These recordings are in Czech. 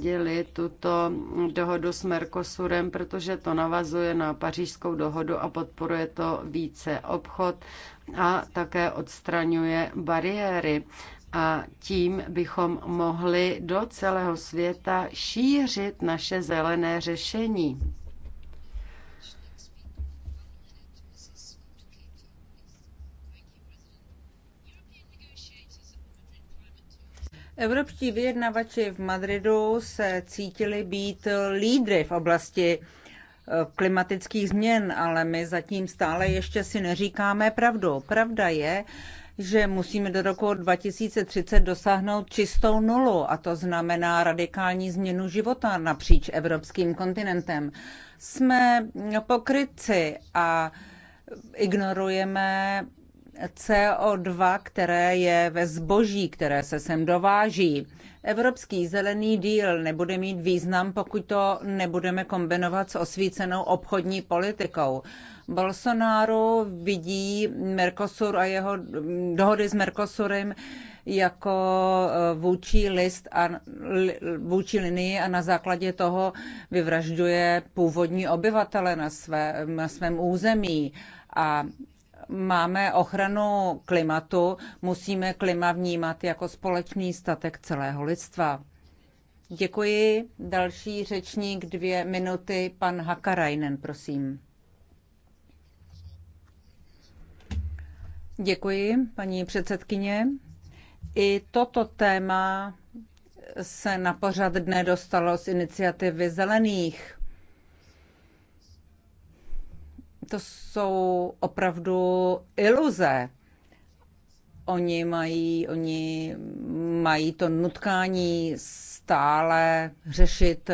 děli tuto dohodu s Mercosurem, protože to navazuje na pařížskou dohodu a podporuje to více obchod a také odstraňuje bariéry. A tím bychom mohli do celého světa šířit naše zelené řešení. Evropští vyjednavači v Madridu se cítili být lídry v oblasti eh, klimatických změn, ale my zatím stále ještě si neříkáme pravdu. Pravda je, že musíme do roku 2030 dosáhnout čistou nulu a to znamená radikální změnu života napříč evropským kontinentem. Jsme pokrytci a ignorujeme CO2, které je ve zboží, které se sem dováží. Evropský zelený díl nebude mít význam, pokud to nebudeme kombinovat s osvícenou obchodní politikou. Bolsonaro vidí Mercosur a jeho dohody s Mercosurem jako eh, vůči list a vůči linii a na základě toho vyvražďuje původní obyvatele na, své, na svém území. A máme ochranu klimatu, musíme klima vnímat jako společný statek celého lidstva. Děkuji. Další řečník dvě minuty, pan Hakarainen, prosím. Děkuji, paní předsedkyně. I toto téma se na pořad dne dostalo z iniciativy zelených to jsou opravdu iluze. Oni mají, oni mají to nutkání stále řešit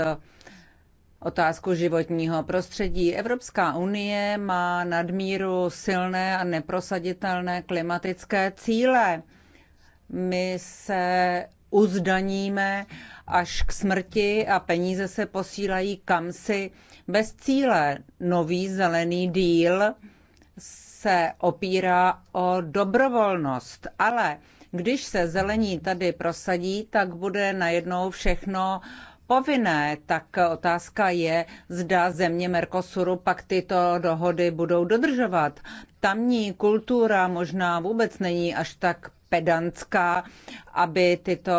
otázku životního prostředí. Evropská unie má nadmíru silné a neprosaditelné klimatické cíle. My se uzdaníme až k smrti a peníze se posílají kamsi bez cíle. Nový zelený díl se opírá o dobrovolnost, ale když se zelení tady prosadí, tak bude najednou všechno povinné, tak otázka je, zda země Mercosuru pak tyto dohody budou dodržovat. Tamní kultura možná vůbec není až tak pedantská, aby tyto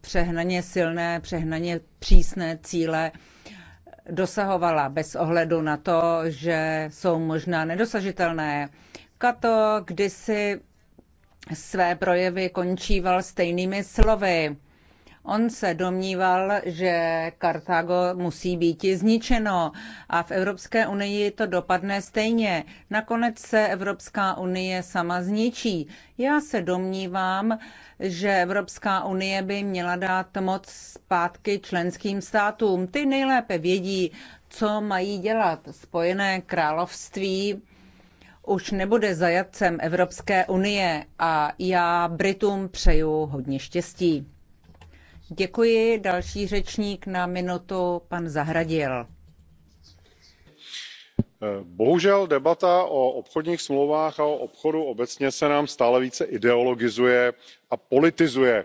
přehnaně silné, přehnaně přísné cíle dosahovala bez ohledu na to, že jsou možná nedosažitelné. Kato kdysi své projevy končíval stejnými slovy – On se domníval, že Kartágo musí být zničeno a v Evropské unii to dopadne stejně. Nakonec se Evropská unie sama zničí. Já se domnívám, že Evropská unie by měla dát moc zpátky členským státům. Ty nejlépe vědí, co mají dělat. Spojené království už nebude zajatcem Evropské unie a já Britům přeju hodně štěstí. Děkuji. Další řečník na minutu, pan Zahradil. Bohužel debata o obchodních smlouvách a o obchodu obecně se nám stále více ideologizuje a politizuje.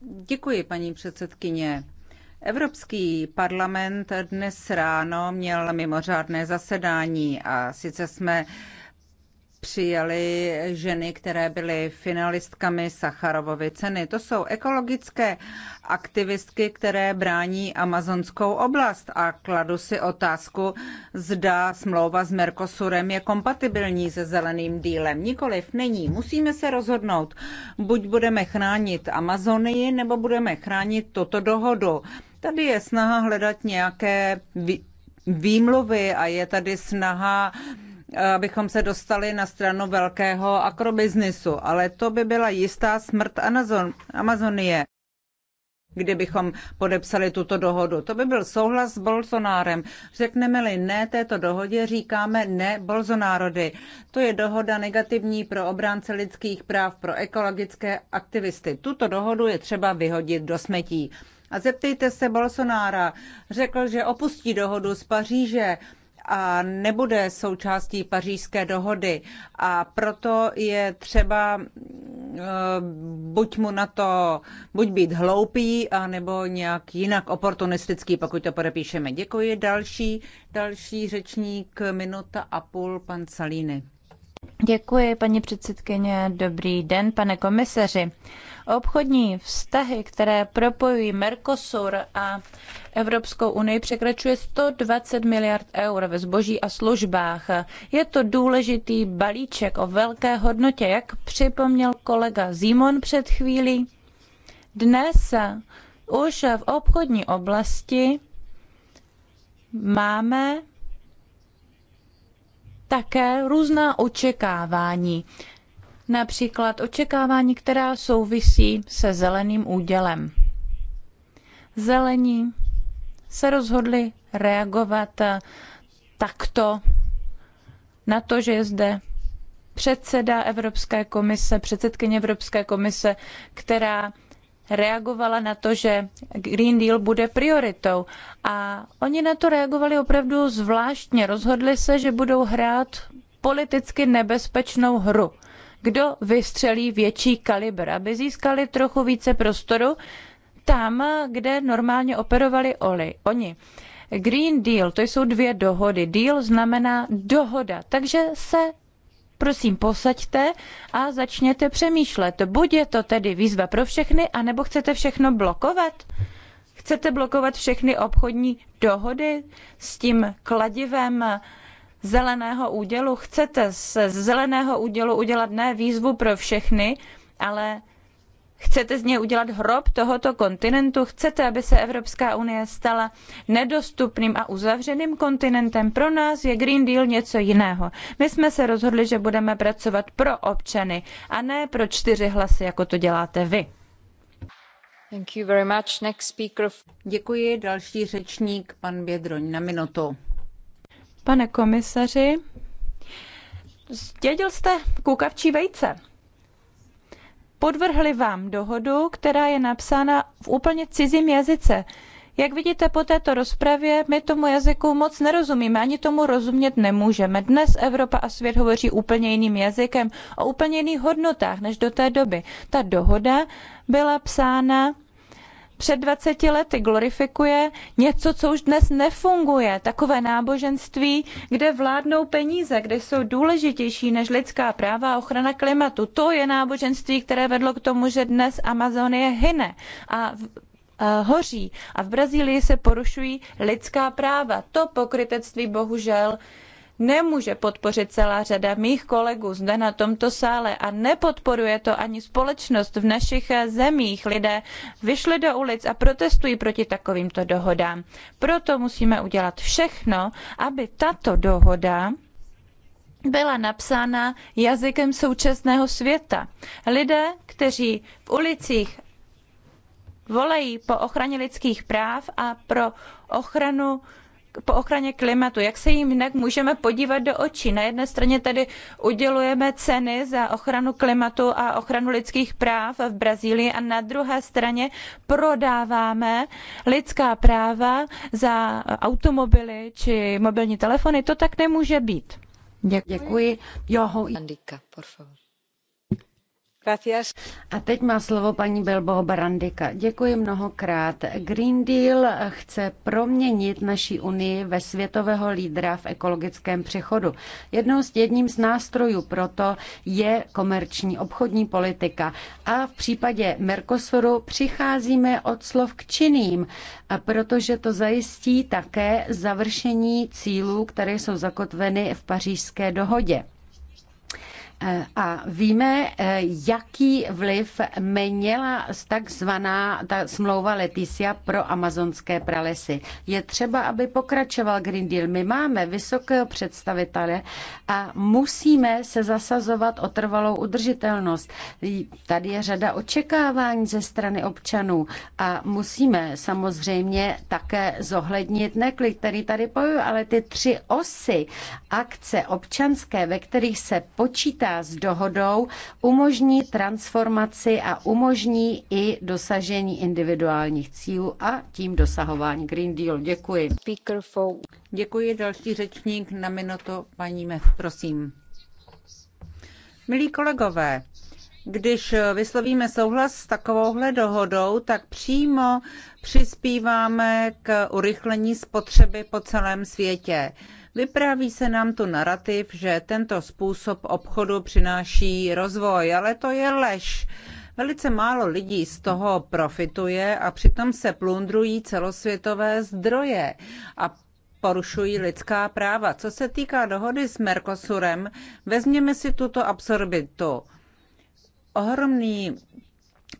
Děkuji, paní předsedkyně. Evropský parlament dnes ráno měl mimořádné zasedání a sice jsme přijali ženy, které byly finalistkami Sacharovovy ceny. To jsou ekologické aktivistky, které brání amazonskou oblast a kladu si otázku, zda smlouva s Mercosurem je kompatibilní se zeleným dílem. Nikoliv není. Musíme se rozhodnout. Buď budeme chránit Amazonii, nebo budeme chránit toto dohodu. Tady je snaha hledat nějaké výmluvy a je tady snaha abychom se dostali na stranu velkého akrobiznisu, ale to by byla jistá smrt Amazon, Amazonie kdybychom podepsali tuto dohodu. To by byl souhlas s Bolsonárem. Řekneme-li ne této dohodě, říkáme ne Bolsonárody. To je dohoda negativní pro obránce lidských práv, pro ekologické aktivisty. Tuto dohodu je třeba vyhodit do smetí. A zeptejte se Bolsonára. Řekl, že opustí dohodu z Paříže a nebude součástí pařížské dohody. A proto je třeba eh, buď mu na to, buď být hloupý, anebo nějak jinak oportunistický, pokud to podepíšeme. Děkuji. Další, další řečník, minuta a půl, pan Salíny. Děkuji, paní předsedkyně. Dobrý den, pane komisaři. Obchodní vztahy, které propojují Mercosur a Evropskou unii, překračuje 120 miliard eur ve zboží a službách. Je to důležitý balíček o velké hodnotě, jak připomněl kolega Zimon před chvílí. Dnes už v obchodní oblasti máme také různá očekávání. Například očekávání, která souvisí se zeleným údělem. Zelení se rozhodli reagovat eh, takto na to, že je zde předseda Evropské komise, předsedkyně Evropské komise, která reagovala na to, že Green Deal bude prioritou. A oni na to reagovali opravdu zvláštně. Rozhodli se, že budou hrát politicky nebezpečnou hru. Kdo vystřelí větší kalibr, aby získali trochu více prostoru tam, kde normálně operovali oli, oni. Green Deal, to jsou dvě dohody. Deal znamená dohoda, takže se prosím posaďte a začněte přemýšlet. Buď je to tedy výzva pro všechny, anebo chcete všechno blokovat? Chcete blokovat všechny obchodní dohody s tím kladivem zeleného údělu? Chcete z zeleného údělu udělat ne výzvu pro všechny, ale Chcete z něj udělat hrob tohoto kontinentu? Chcete, aby se Evropská unie stala nedostupným a uzavřeným kontinentem? Pro nás je Green Deal něco jiného. My jsme se rozhodli, že budeme pracovat pro občany a ne pro čtyři hlasy, jako to děláte vy. Thank you very much. Next speaker. Děkuji. Další řečník, pan Bědroň, na minutu. Pane komisaři, zdědil jste kukavčí vejce podvrhli vám dohodu, která je napsána v úplně cizím jazyce. Jak vidíte po této rozpravě, my tomu jazyku moc nerozumíme, ani tomu rozumět nemůžeme. Dnes Evropa a svět hovoří úplně jiným jazykem, o úplně jiných hodnotách než do té doby. Ta dohoda byla psána před 20 lety glorifikuje něco, co už dnes nefunguje. Takové náboženství, kde vládnou peníze, kde jsou důležitější než lidská práva a ochrana klimatu. To je náboženství, které vedlo k tomu, že dnes Amazonie hyne a eh, hoří. A v Brazílii se porušují lidská práva. To pokrytectví bohužel nemůže podpořit celá řada mých kolegů zde na tomto sále a nepodporuje to ani společnost v našich eh, zemích. Lidé vyšli do ulic a protestují proti takovýmto dohodám. Proto musíme udělat všechno, aby tato dohoda byla napsána jazykem současného světa. Lidé, kteří v ulicích volají po ochraně lidských práv a pro ochranu po ochraně klimatu. Jak se jim jinak můžeme podívat do očí? Na jedné straně tedy udělujeme ceny za ochranu klimatu a ochranu lidských práv v Brazílii a na druhé straně prodáváme lidská práva za automobily či mobilní telefony. To tak nemůže být. Děkuji. Děkuji. Andika, por favor. A teď má slovo paní Bilbao Barandika. Děkuji mnohokrát. Green Deal chce proměnit naší unii ve světového lídra v ekologickém přechodu. Jednou z jedním z nástrojů proto je komerční obchodní politika. A v případě Mercosuru přicházíme od slov k činným, protože to zajistí také završení cílů, které jsou zakotveny v pařížské dohodě. A víme, eh, jaký vliv měla takzvaná ta smlouva Leticia pro amazonské pralesy. Je třeba, aby pokračoval Green Deal. My máme vysokého představitele a musíme se zasazovat o trvalou udržitelnost. Tady je řada očekávání ze strany občanů a musíme samozřejmě také zohlednit neklik, který tady pojuje, ale ty tři osy akce občanské, ve kterých se počítá počítá s dohodou umožní transformaci a umožní i dosažení individuálních cílů a tím dosahování Green Deal. Děkuji. Děkuji. Další řečník na minutu, paní Mev, prosím. Milí kolegové, když vyslovíme souhlas s takovouhle dohodou, tak přímo přispíváme k urychlení spotřeby po celém světě. Vypráví se nám tu narrativ, že tento způsob obchodu přináší rozvoj, ale to je lež. Velice málo lidí z toho profituje a přitom se plundrují celosvětové zdroje a porušují lidská práva. Co se týká dohody s Mercosurem, vezměme si tuto absorbitu. Ohromný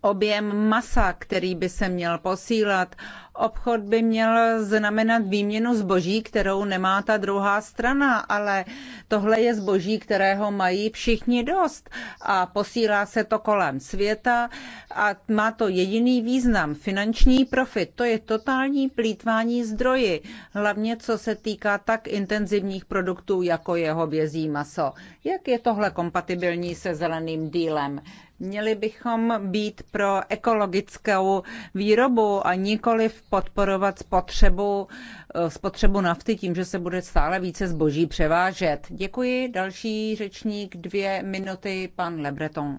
objem masa, který by se měl posílat, Obchod by měl znamenat výměnu zboží, kterou nemá ta druhá strana, ale tohle je zboží, kterého mají všichni dost a posílá se to kolem světa a má to jediný význam, finanční profit. To je totální plítvání zdroji, hlavně co se týká tak intenzivních produktů, jako je hovězí maso. Jak je tohle kompatibilní se zeleným dílem? Měli bychom být pro ekologickou výrobu a nikoli podporovat spotřebu, eh, spotřebu nafty tím, že se bude stále více zboží převážet. Děkuji. Další řečník, dvě minuty, pan Lebreton.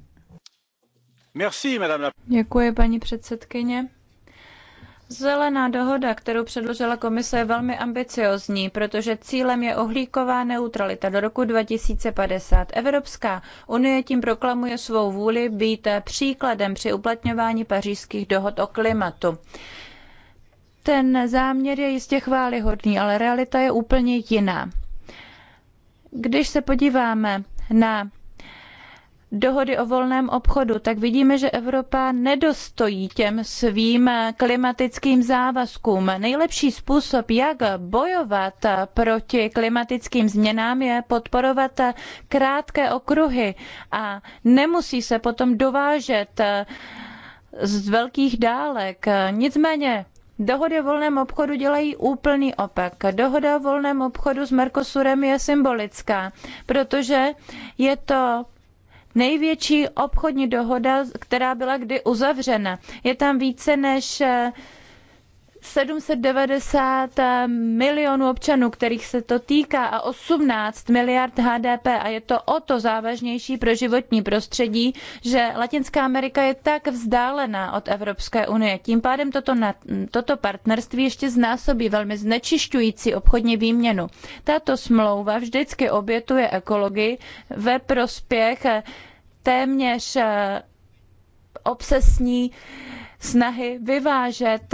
Merci, madame. Děkuji, paní předsedkyně. Zelená dohoda, kterou předložila komise, je velmi ambiciozní, protože cílem je ohlíková neutralita do roku 2050. Evropská unie tím proklamuje svou vůli být příkladem při uplatňování pařížských dohod o klimatu. Ten záměr je jistě chválihodný, ale realita je úplně jiná. Když se podíváme na dohody o volném obchodu, tak vidíme, že Evropa nedostojí těm svým klimatickým závazkům. Nejlepší způsob, jak bojovat proti klimatickým změnám, je podporovat krátké okruhy a nemusí se potom dovážet z velkých dálek. Nicméně Dohody o volném obchodu dělají úplný opak. Dohoda o volném obchodu s Mercosurem je symbolická, protože je to největší obchodní dohoda, která byla kdy uzavřena. Je tam více než 790 eh, milionů občanů, kterých se to týká a 18 miliard HDP a je to o to závažnější pro životní prostředí, že Latinská Amerika je tak vzdálená od Evropské unie. Tím pádem toto, na, toto partnerství ještě znásobí velmi znečišťující obchodní výměnu. Tato smlouva vždycky obětuje ekologii ve prospěch eh, téměř eh, obsesní snahy vyvážet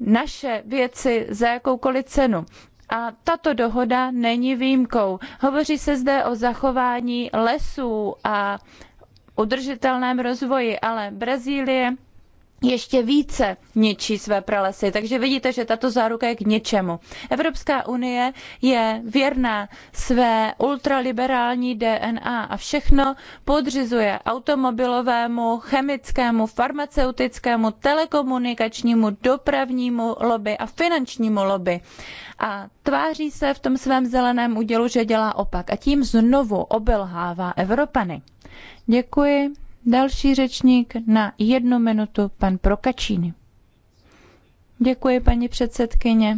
naše věci za jakoukoliv cenu. A tato dohoda není výjimkou. Hovoří se zde o zachování lesů a udržitelném rozvoji, ale Brazílie ještě více ničí své pralesy. Takže vidíte, že tato záruka je k ničemu. Evropská unie je věrná své ultraliberální DNA a všechno podřizuje automobilovému, chemickému, farmaceutickému, telekomunikačnímu, dopravnímu lobby a finančnímu lobby. A tváří se v tom svém zeleném údělu, že dělá opak a tím znovu obelhává Evropany. Děkuji. Další řečník na jednu minutu, pan Prokačíny. Děkuji, paní předsedkyně.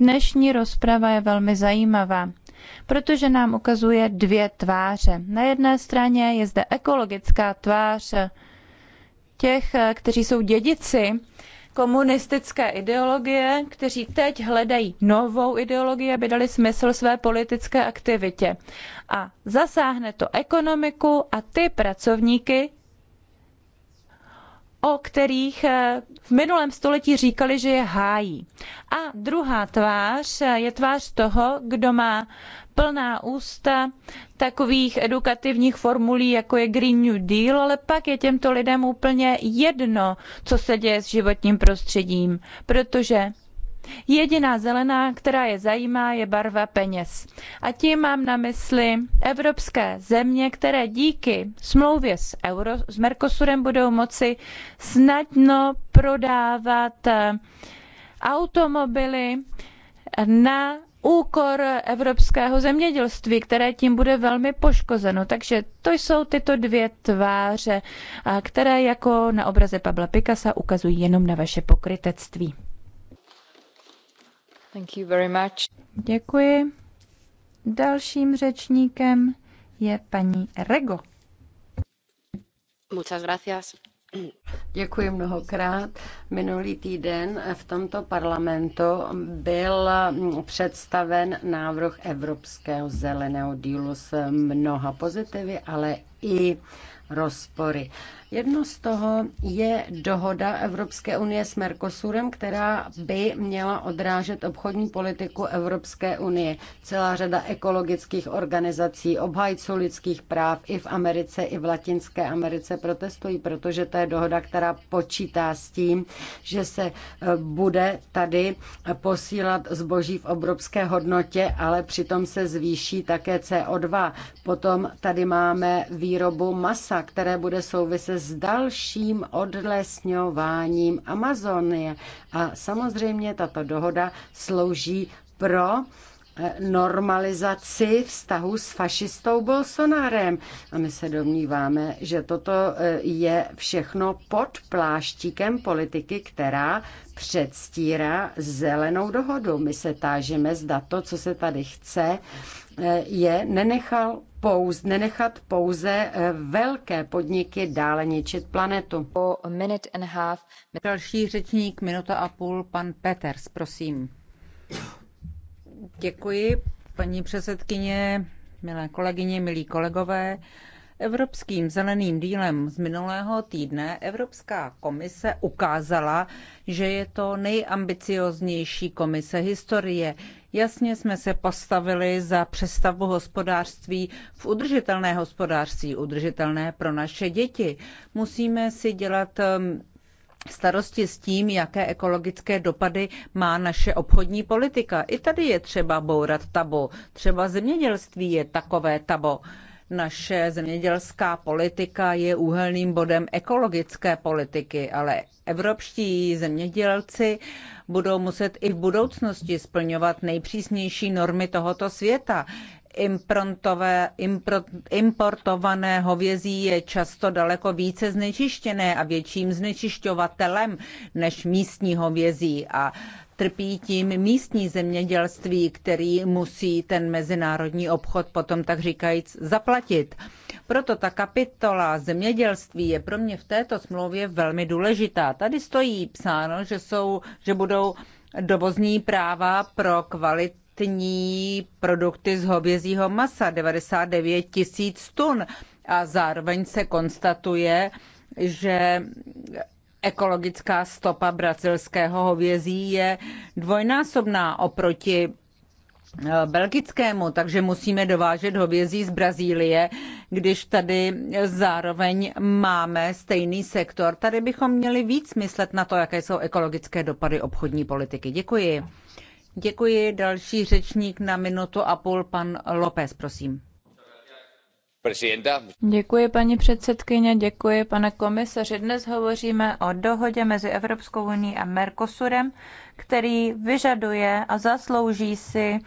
Dnešní rozprava je velmi zajímavá, protože nám ukazuje dvě tváře. Na jedné straně je zde ekologická tvář těch, kteří jsou dědici komunistické ideologie, kteří teď hledají novou ideologii, aby dali smysl své politické aktivitě. A zasáhne to ekonomiku a ty pracovníky, o kterých eh, v minulém století říkali, že je hájí. A druhá tvář eh, je tvář toho, kdo má plná ústa takových edukativních formulí, jako je Green New Deal, ale pak je těmto lidem úplně jedno, co se děje s životním prostředím, protože Jediná zelená, která je zajímá, je barva peněz. A tím mám na mysli evropské země, které díky smlouvě s, Euro, s Mercosurem budou moci snadno prodávat eh, automobily na úkor evropského zemědělství, které tím bude velmi poškozeno. Takže to jsou tyto dvě tváře, eh, které jako na obraze Pabla Picasa ukazují jenom na vaše pokrytectví. Thank you very much. Děkuji. Dalším řečníkem je paní Rego. Muchas gracias. Děkuji mnohokrát. Minulý týden v tomto parlamentu byl představen návrh Evropského zeleného dílu s mnoha pozitivy, ale i rozpory. Jedno z toho je dohoda Evropské unie s Mercosurem, která by měla odrážet obchodní politiku Evropské unie. Celá řada ekologických organizací, obhajců lidských práv i v Americe, i v Latinské Americe protestují, protože to je dohoda, která počítá s tím, že se eh, bude tady posílat zboží v obrovské hodnotě, ale přitom se zvýší také CO2. Potom tady máme výrobu masa, které bude souviset s dalším odlesňováním Amazonie. A samozřejmě tato dohoda slouží pro eh, normalizaci vztahu s fašistou Bolsonarem. A my se domníváme, že toto eh, je všechno pod pláštíkem politiky, která předstírá zelenou dohodu. My se tážeme, zda to, co se tady chce, eh, je nenechal pouze, nenechat pouze eh, velké podniky dále ničit planetu. Další řečník, minuta a půl, pan Peters, prosím. Děkuji, paní předsedkyně, milé kolegyně, milí kolegové. Evropským zeleným dílem z minulého týdne Evropská komise ukázala, že je to nejambicioznější komise historie. Jasně jsme se postavili za přestavbu hospodářství v udržitelné hospodářství, udržitelné pro naše děti. Musíme si dělat um, starosti s tím, jaké ekologické dopady má naše obchodní politika. I tady je třeba bourat tabu. Třeba zemědělství je takové tabu naše zemědělská politika je úhelným bodem ekologické politiky, ale evropští zemědělci budou muset i v budoucnosti splňovat nejpřísnější normy tohoto světa. Impro, importované hovězí je často daleko více znečištěné a větším znečišťovatelem než místní hovězí. A Trpí tím místní zemědělství, který musí ten mezinárodní obchod potom tak říkajíc zaplatit. Proto ta kapitola zemědělství je pro mě v této smlouvě velmi důležitá. Tady stojí psáno, že, jsou, že budou dovozní práva pro kvalitu kvalitní produkty z hovězího masa 99 tisíc tun a zároveň se konstatuje, že ekologická stopa brazilského hovězí je dvojnásobná oproti eh, belgickému, takže musíme dovážet hovězí z Brazílie, když tady zároveň máme stejný sektor. Tady bychom měli víc myslet na to, jaké jsou ekologické dopady obchodní politiky. Děkuji. Děkuji. Další řečník na minutu a půl, pan López, prosím paní předsedající děkuji pane komisaři. Dnes hovoříme o dohodě mezi Evropskou unií a Mercosurem, který vyžaduje a zaslouží si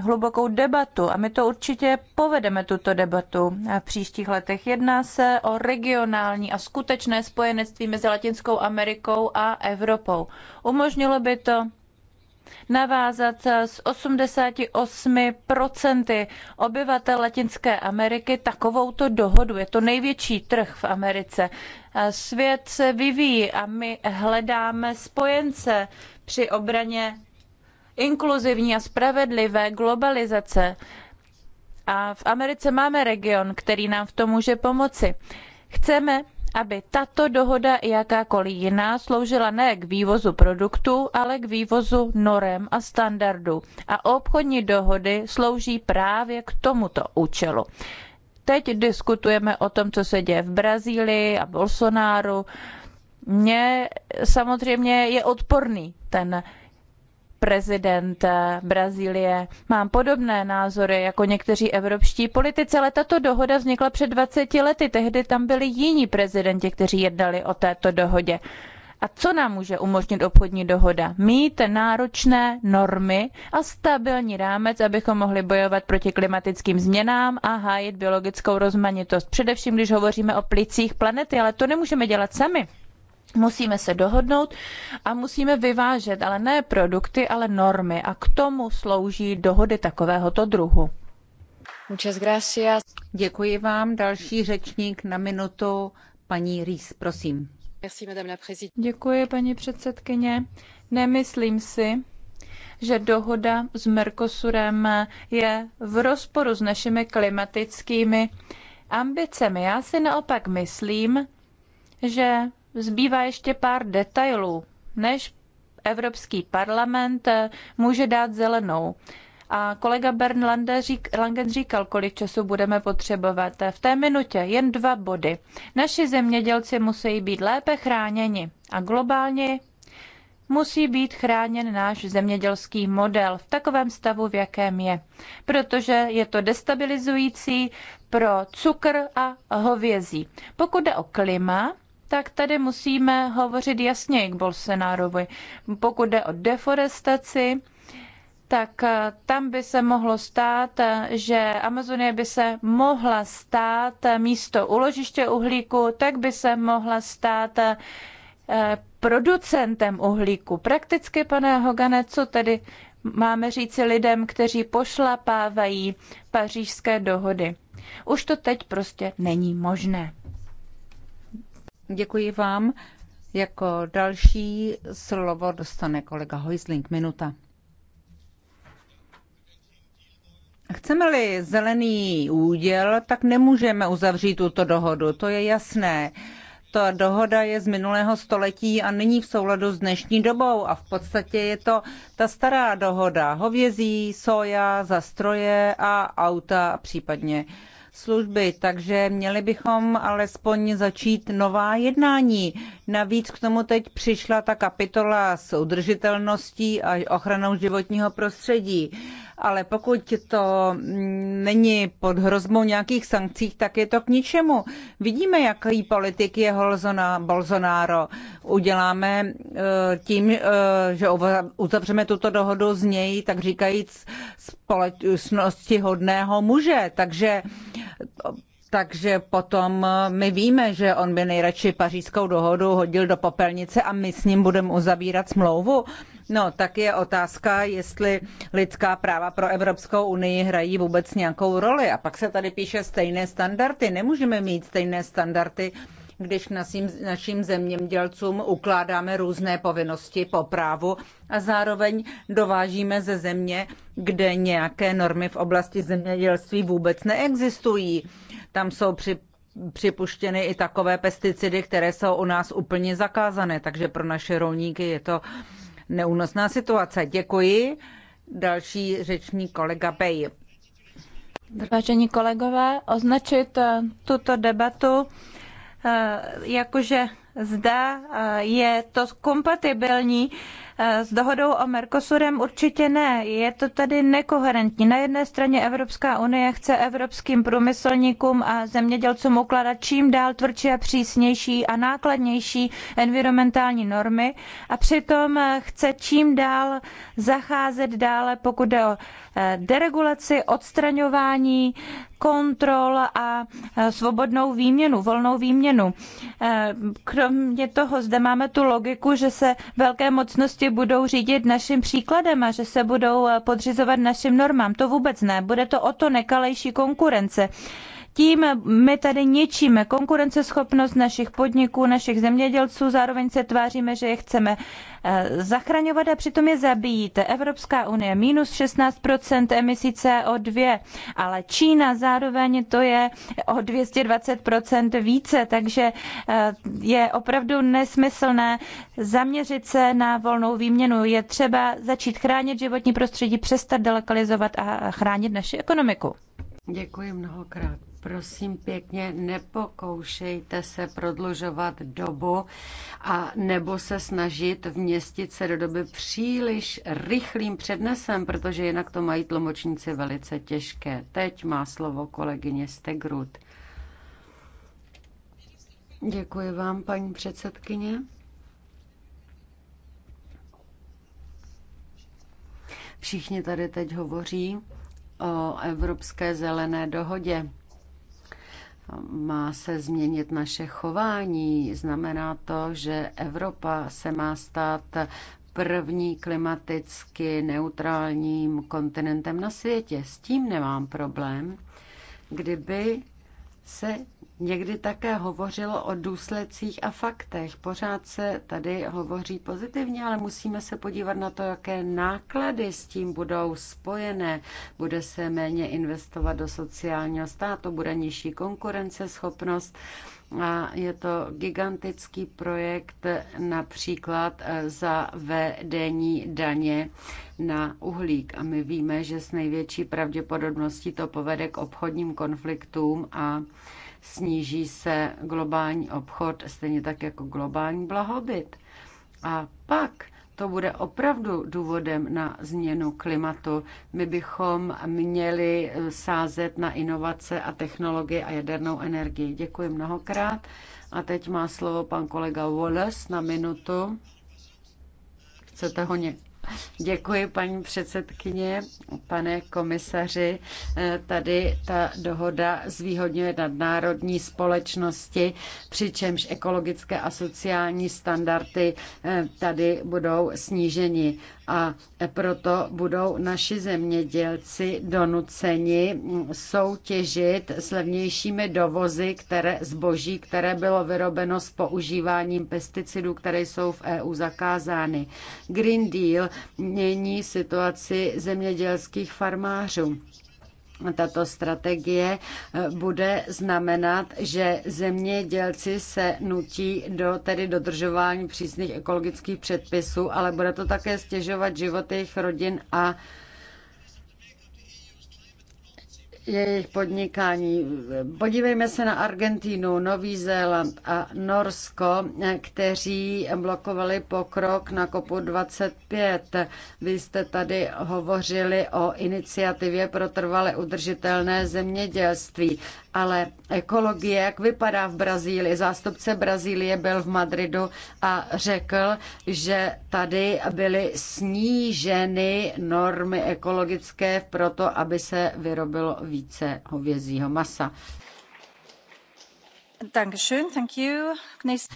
hlubokou debatu a my to určitě povedeme tuto debatu v příštích letech. Jedná se o regionální a skutečné spojenectví mezi Latinskou Amerikou a Evropou. Umožnilo by to navázat s 88% obyvatel Latinské Ameriky takovouto dohodu. Je to největší trh v Americe. Svět se vyvíjí a my hledáme spojence při obraně inkluzivní a spravedlivé globalizace. A v Americe máme region, který nám v tom může pomoci. Chceme aby tato dohoda i jakákoliv jiná sloužila ne k vývozu produktů, ale k vývozu norem a standardů. A obchodní dohody slouží právě k tomuto účelu. Teď diskutujeme o tom, co se děje v Brazílii a Bolsonaru. Mně samozřejmě je odporný ten prezident Brazílie. Mám podobné názory jako někteří evropští politici, ale tato dohoda vznikla před 20 lety. Tehdy tam byli jiní prezidenti, kteří jednali o této dohodě. A co nám může umožnit obchodní dohoda? Mít náročné normy a stabilní rámec, abychom mohli bojovat proti klimatickým změnám a hájit biologickou rozmanitost. Především, když hovoříme o plicích planety, ale to nemůžeme dělat sami. Musíme se dohodnout a musíme vyvážet, ale ne produkty, ale normy. A k tomu slouží dohody takovéhoto druhu. Muchas gracias. Děkuji vám. Další řečník na minutu, paní Rýs, prosím. Merci, madame la Děkuji, paní předsedkyně. Nemyslím si, že dohoda s Mercosurem je v rozporu s našimi klimatickými ambicemi. Já si naopak myslím, že zbývá ještě pár detailů, než Evropský parlament eh, může dát zelenou. A kolega Bern Langen říkal, kolik času budeme potřebovat. V té minutě jen dva body. Naši zemědělci musí být lépe chráněni a globálně musí být chráněn náš zemědělský model v takovém stavu, v jakém je. Protože je to destabilizující pro cukr a hovězí. Pokud jde o klima, tak tady musíme hovořit jasně k Bolsonárovi. Pokud jde o deforestaci, tak eh, tam by se mohlo stát, eh, že Amazonie by se mohla stát eh, místo uložiště uhlíku, tak by se mohla stát producentem uhlíku. Prakticky, pane Hogane, co tedy máme říci lidem, kteří pošlapávají pařížské dohody? Už to teď prostě není možné. Děkuji vám. Jako další slovo dostane kolega Hojzlink Minuta. Chceme-li zelený úděl, tak nemůžeme uzavřít tuto dohodu, to je jasné. Ta dohoda je z minulého století a není v souladu s dnešní dobou a v podstatě je to ta stará dohoda hovězí, soja, zastroje a auta, případně uh, služby, takže měli bychom alespoň začít nová jednání. Navíc k tomu teď přišla ta kapitola s udržitelností a ochranou životního prostředí ale pokud to není pod hrozbou nějakých sankcí, tak je to k ničemu. Vidíme, jaký politik je Bolsonaro. Uděláme eh, tím, eh, že uzavřeme tuto dohodu z něj, tak říkajíc, společnosti hodného muže. Takže takže potom eh, my víme, že on by nejradši pařížskou dohodu hodil do popelnice a my s ním budeme uzavírat smlouvu. No, tak je otázka, jestli lidská práva pro Evropskou unii hrají vůbec nějakou roli. A pak se tady píše stejné standardy. Nemůžeme mít stejné standardy když našim, našim zemědělcům ukládáme různé povinnosti po právu a zároveň dovážíme ze země, kde nějaké normy v oblasti zemědělství vůbec neexistují. Tam jsou při připuštěny i takové pesticidy, které jsou u nás úplně zakázané, takže pro naše rolníky je to neúnosná situace. Děkuji. Další řeční kolega Bej. Vážení kolegové, označit eh, tuto debatu Eh, jakože zda eh, je to kompatibilní s dohodou o Mercosurem určitě ne. Je to tady nekoherentní. Na jedné straně Evropská unie chce evropským průmyslníkům a zemědělcům ukládat čím dál tvrdší a přísnější a nákladnější environmentální normy a přitom chce čím dál zacházet dále, pokud jde o eh, deregulaci, odstraňování kontrol a eh, svobodnou výměnu, volnou výměnu. Eh, kromě toho zde máme tu logiku, že se velké mocnosti budou řídit naším příkladem a že se budou eh, podřizovat našim normám. To vůbec ne. Bude to o to nekalejší konkurence. Tím my tady ničíme konkurenceschopnost našich podniků, našich zemědělců, zároveň se tváříme, že je chceme eh, zachraňovat a přitom je zabít. Evropská unie minus 16% emisí CO2, ale Čína zároveň to je o 220% více, takže eh, je opravdu nesmyslné zaměřit se na volnou výměnu. Je třeba začít chránit životní prostředí, přestat delokalizovat a chránit naši ekonomiku. Děkuji mnohokrát. Prosím pěkně, nepokoušejte se prodlužovat dobu a nebo se snažit vměstit se do doby příliš rychlým přednesem, protože jinak to mají tlumočníci velice těžké. Teď má slovo kolegyně Stegrud. Děkuji vám, paní předsedkyně. Všichni tady teď hovoří o Evropské zelené dohodě má se změnit naše chování. Znamená to, že Evropa se má stát první klimaticky neutrálním kontinentem na světě. S tím nemám problém, kdyby se někdy také hovořilo o důsledcích a faktech. Pořád se tady hovoří pozitivně, ale musíme se podívat na to, jaké náklady s tím budou spojené. Bude se méně investovat do sociálního státu, bude nižší konkurenceschopnost a je to gigantický projekt například eh, za vedení daně na uhlík. A my víme, že s největší pravděpodobností to povede k obchodním konfliktům a sníží se globální obchod, stejně tak jako globální blahobyt. A pak to bude opravdu důvodem na změnu klimatu. My bychom měli sázet na inovace a technologie a jadernou energii. Děkuji mnohokrát. A teď má slovo pan kolega Wallace na minutu. Chcete ho někdo? Děkuji, paní předsedkyně, pane komisaři. Eh, tady ta dohoda zvýhodňuje nadnárodní společnosti, přičemž ekologické a sociální standardy eh, tady budou sníženi a proto budou naši zemědělci donuceni soutěžit s levnějšími dovozy které, zboží, které bylo vyrobeno s používáním pesticidů, které jsou v EU zakázány. Green Deal mění situaci zemědělských farmářů tato strategie eh, bude znamenat, že zemědělci se nutí do tedy dodržování přísných ekologických předpisů, ale bude to také stěžovat život jejich rodin a jejich podnikání. Podívejme se na Argentínu, Nový Zéland a Norsko, kteří blokovali pokrok na kopu 25. Vy jste tady hovořili o iniciativě pro trvale udržitelné zemědělství ale ekologie, jak vypadá v Brazílii. Zástupce Brazílie byl v Madridu a řekl, že tady byly sníženy normy ekologické proto, aby se vyrobilo více hovězího masa.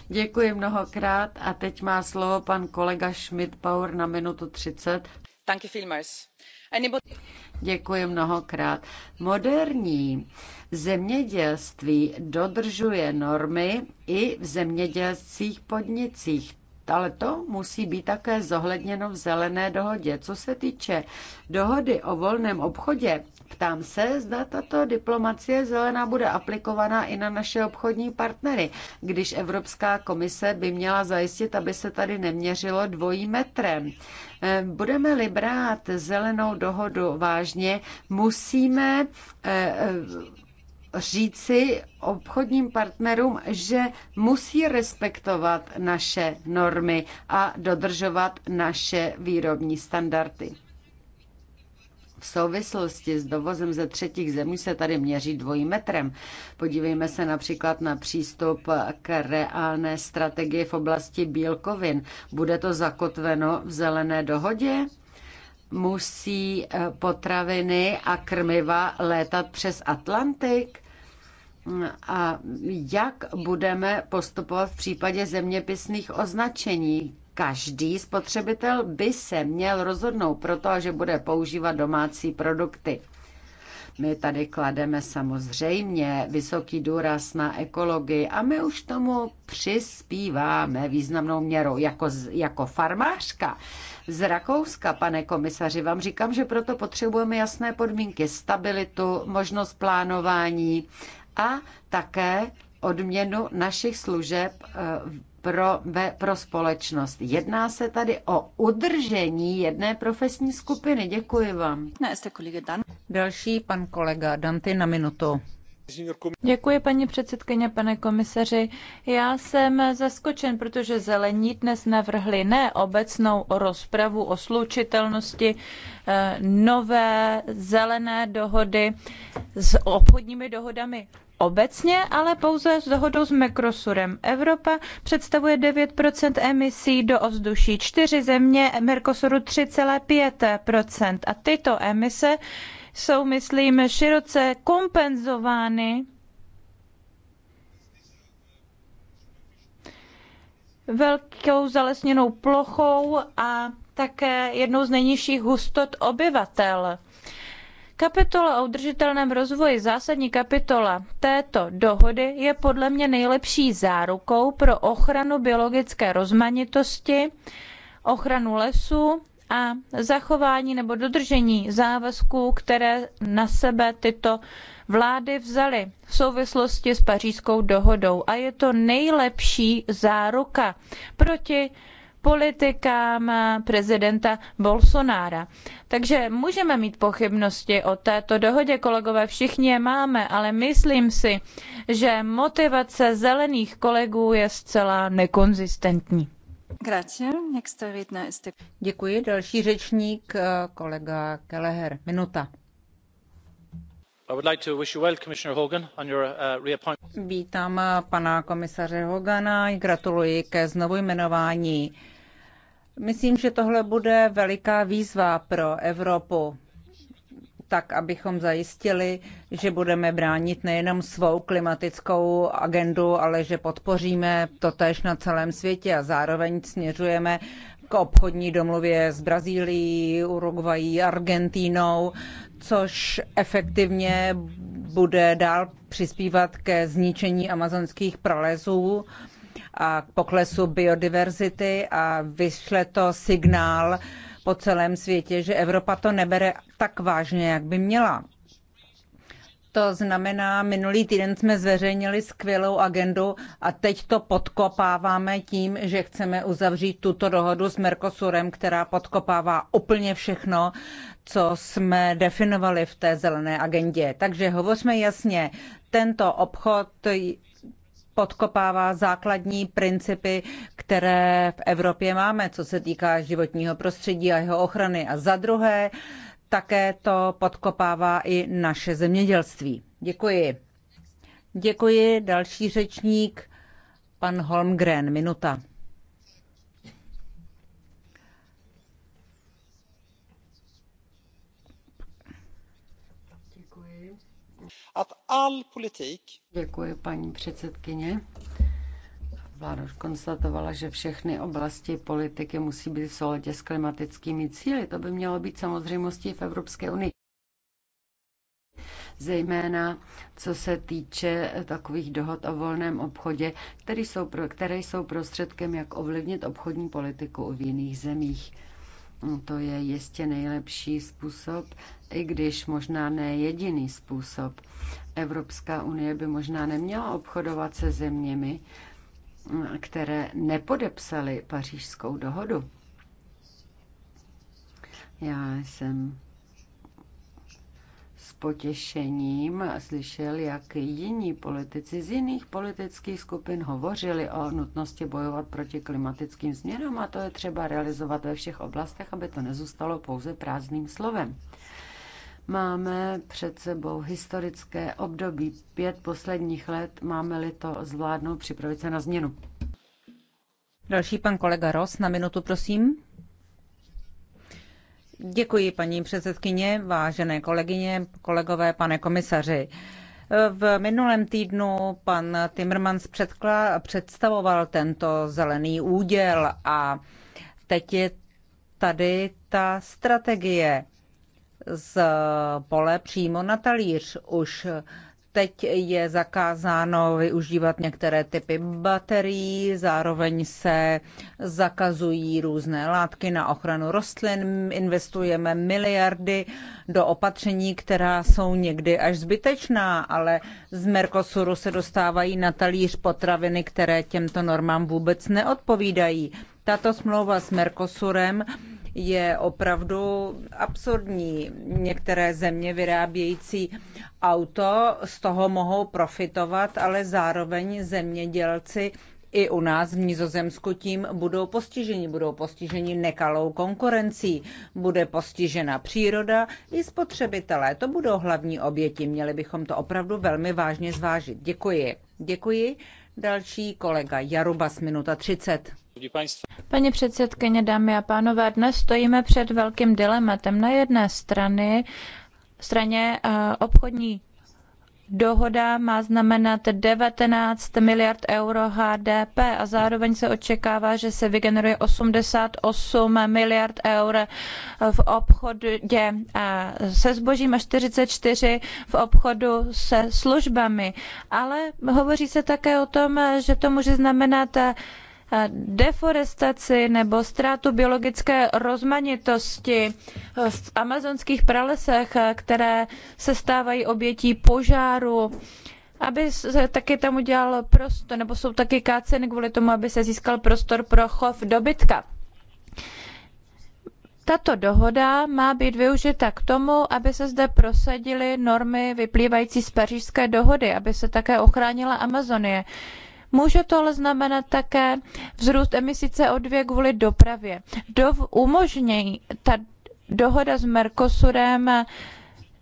Děkuji mnohokrát a teď má slovo pan kolega Schmidt-Power na minutu 30. Danke vielmals. Děkuji mnohokrát. Moderní zemědělství dodržuje normy i v zemědělských podnicích ale to musí být také zohledněno v zelené dohodě. Co se týče dohody o volném obchodě, ptám se, zda tato diplomacie zelená bude aplikovaná i na naše obchodní partnery, když Evropská komise by měla zajistit, aby se tady neměřilo dvojím metrem. Eh, budeme-li brát zelenou dohodu vážně, musíme eh, eh, říci obchodním partnerům, že musí respektovat naše normy a dodržovat naše výrobní standardy souvislosti s dovozem ze třetích zemí se tady měří dvojím metrem. Podívejme se například na přístup k reálné strategii v oblasti bílkovin. Bude to zakotveno v zelené dohodě? Musí eh, potraviny a krmiva létat přes Atlantik? A jak budeme postupovat v případě zeměpisných označení? každý spotřebitel by se měl rozhodnout pro to, že bude používat domácí produkty. My tady klademe samozřejmě vysoký důraz na ekologii a my už tomu přispíváme významnou měrou. Jako, jako farmářka z Rakouska, pane komisaři, vám říkám, že proto potřebujeme jasné podmínky, stabilitu, možnost plánování a také odměnu našich služeb eh, pro, ve, pro společnost. Jedná se tady o udržení jedné profesní skupiny. Děkuji vám. Další pan kolega Danty na minutu. Děkuji, paní předsedkyně, pane komisaři. Já jsem zaskočen, protože zelení dnes navrhli ne obecnou rozpravu o slučitelnosti eh, nové zelené dohody s obchodními dohodami obecně, ale pouze s dohodou s Mercosurem. Evropa představuje 9 emisí do ovzduší, čtyři země Mercosuru 3,5 a tyto emise jsou, myslím, široce kompenzovány velkou zalesněnou plochou a také jednou z nejnižších hustot obyvatel. Kapitola o udržitelném rozvoji, zásadní kapitola této dohody, je podle mě nejlepší zárukou pro ochranu biologické rozmanitosti, ochranu lesů a zachování nebo dodržení závazků, které na sebe tyto vlády vzaly v souvislosti s pařížskou dohodou. A je to nejlepší záruka proti politikám prezidenta Bolsonára. Takže můžeme mít pochybnosti o této dohodě, kolegové, všichni je máme, ale myslím si, že motivace zelených kolegů je zcela nekonzistentní. Děkuji. Další řečník, eh, kolega Keleher. Minuta. Vítám pana komisaře Hogana, gratuluji ke znovu jmenování. Myslím, že tohle bude veliká výzva pro Evropu, tak abychom zajistili, že budeme bránit nejenom svou klimatickou agendu, ale že podpoříme tež na celém světě a zároveň směřujeme k obchodní domluvě s Brazílií, Uruguayí, Argentínou, což efektivně bude dál přispívat ke zničení amazonských pralezů a poklesu biodiverzity a vyšle to signál po celém světě, že Evropa to nebere tak vážně, jak by měla. To znamená, minulý týden jsme zveřejnili skvělou agendu a teď to podkopáváme tím, že chceme uzavřít tuto dohodu s Mercosurem, která podkopává úplně všechno, co jsme definovali v té zelené agendě. Takže hovořme jasně, tento obchod podkopává základní principy, které v Evropě máme, co se týká životního prostředí a jeho ochrany. A za druhé, také to podkopává i naše zemědělství. Děkuji. Děkuji. Další řečník, pan Holmgren, minuta. att all politik... Děkuji, paní předsedkyně. Vláda konstatovala, že všechny oblasti politiky musí být v souladu s klimatickými cíly. To by mělo být samozřejmostí v Evropské unii zejména co se týče takových dohod o volném obchodě, které jsou, které jsou prostředkem, jak ovlivnit obchodní politiku v jiných zemích. To je jistě nejlepší způsob, i když možná ne jediný způsob. Evropská unie by možná neměla obchodovat se zeměmi, které nepodepsaly pařížskou dohodu. Já jsem s potěšením slyšel, jak jiní politici z jiných politických skupin hovořili o nutnosti bojovat proti klimatickým změnám a to je třeba realizovat ve všech oblastech, aby to nezůstalo pouze prázdným slovem. Máme před sebou historické období pět posledních let, máme-li to zvládnout, připravit se na změnu. Další pan kolega Ros, na minutu prosím. Děkuji, paní předsedkyně, vážené kolegyně, kolegové, pane komisaři. V minulém týdnu pan Timmermans představoval tento zelený úděl a teď je tady ta strategie z pole přímo na talíř. Už Teď je zakázáno využívat některé typy baterií, zároveň se zakazují různé látky na ochranu rostlin, investujeme miliardy do opatření, která jsou někdy až zbytečná, ale z Mercosuru se dostávají na talíř potraviny, které těmto normám vůbec neodpovídají. Tato smlouva s Mercosurem je opravdu absurdní. Některé země vyrábějící auto z toho mohou profitovat, ale zároveň zemědělci i u nás v Nizozemsku tím budou postiženi. Budou postiženi nekalou konkurencí, bude postižena příroda i spotřebitelé. To budou hlavní oběti. Měli bychom to opravdu velmi vážně zvážit. Děkuji. Děkuji. Další kolega Jarubas, minuta 30. Paní předsedkyně, dámy a pánové, dnes stojíme před velkým dilematem. Na jedné strany straně eh, obchodní dohoda má znamenat 19 miliard euro HDP a zároveň se očekává, že se vygeneruje 88 miliard eur v obchodě eh, se zbožím a 44 v obchodu se službami. Ale hovoří se také o tom, eh, že to může znamenat eh, deforestaci nebo ztrátu biologické rozmanitosti v amazonských pralesech, které se stávají obětí požáru, aby se taky tam udělal prostor, nebo jsou taky káceny kvůli tomu, aby se získal prostor pro chov dobytka. Tato dohoda má být využita k tomu, aby se zde prosadily normy vyplývající z pařížské dohody, aby se také ochránila Amazonie. Může to ale znamenat také vzrůst emisí CO2 kvůli dopravě. Dov umožní ta dohoda s Mercosurem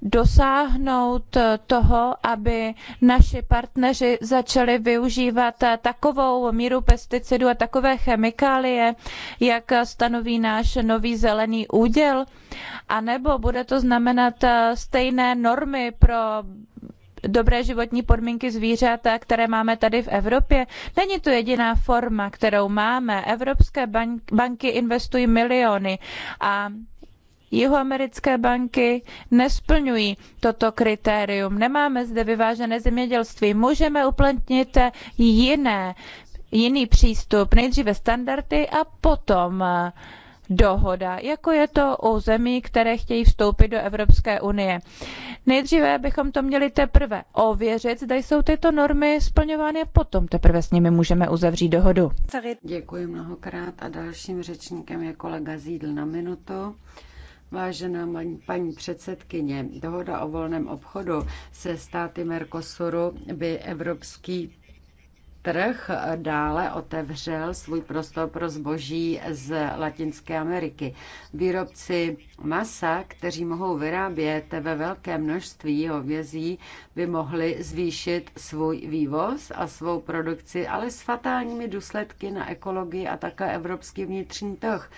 dosáhnout toho, aby naši partneři začali využívat takovou míru pesticidů a takové chemikálie, jak stanoví náš nový zelený úděl? A nebo bude to znamenat stejné normy pro dobré životní podmínky zvířat, které máme tady v Evropě. Není to jediná forma, kterou máme. Evropské banky investují miliony a jihoamerické banky nesplňují toto kritérium. Nemáme zde vyvážené zemědělství. Můžeme uplatnit jiné, jiný přístup, nejdříve standardy a potom uh, dohoda, jako je to u zemí, které chtějí vstoupit do Evropské unie. Nejdříve bychom to měli teprve ověřit, zda jsou tyto normy splňovány a potom teprve s nimi můžeme uzavřít dohodu. Děkuji mnohokrát a dalším řečníkem je kolega Zídl na minutu. Vážená paní předsedkyně, dohoda o volném obchodu se státy Mercosuru by Evropský trh dále otevřel svůj prostor pro zboží z Latinské Ameriky. Výrobci masa, kteří mohou vyrábět ve velké množství hovězí, by mohli zvýšit svůj vývoz a svou produkci, ale s fatálními důsledky na ekologii a také evropský vnitřní trh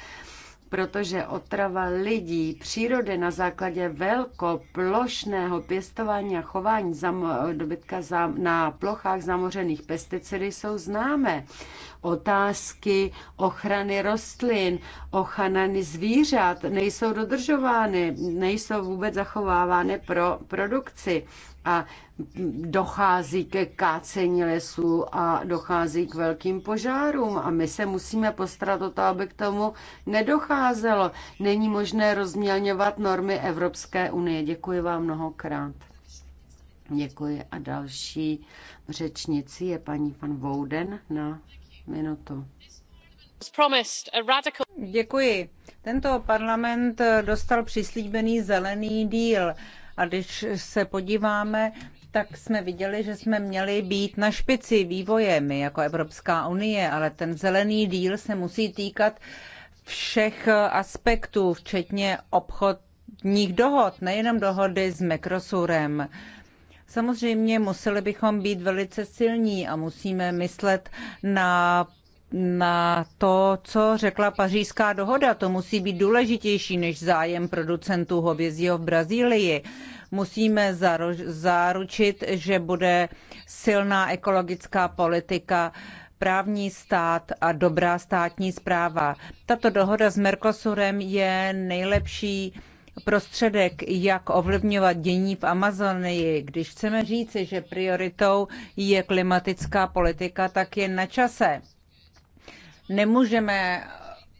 protože otrava lidí, přírody na základě velkoplošného pěstování a chování dobytka na plochách zamořených pesticidy jsou známé. Otázky ochrany rostlin, ochrany zvířat nejsou dodržovány, nejsou vůbec zachovávány pro produkci a dochází ke kácení lesů a dochází k velkým požárům a my se musíme postarat o to, aby k tomu nedocházelo. Není možné rozmělňovat normy Evropské unie. Děkuji vám mnohokrát. Děkuji a další řečnici je paní pan Vouden na minutu. Děkuji. Tento parlament dostal přislíbený zelený díl a když se podíváme, tak jsme viděli, že jsme měli být na špici vývoje my jako Evropská unie, ale ten zelený díl se musí týkat všech aspektů, včetně obchodních dohod, nejenom dohody s Mercosurem. Samozřejmě museli bychom být velice silní a musíme myslet na na to, co řekla pařížská dohoda. To musí být důležitější než zájem producentů hovězího v Brazílii. Musíme zaručit, že bude silná ekologická politika, právní stát a dobrá státní zpráva. Tato dohoda s Mercosurem je nejlepší prostředek, jak ovlivňovat dění v Amazonii. Když chceme říci, že prioritou je klimatická politika, tak je na čase Nemůžeme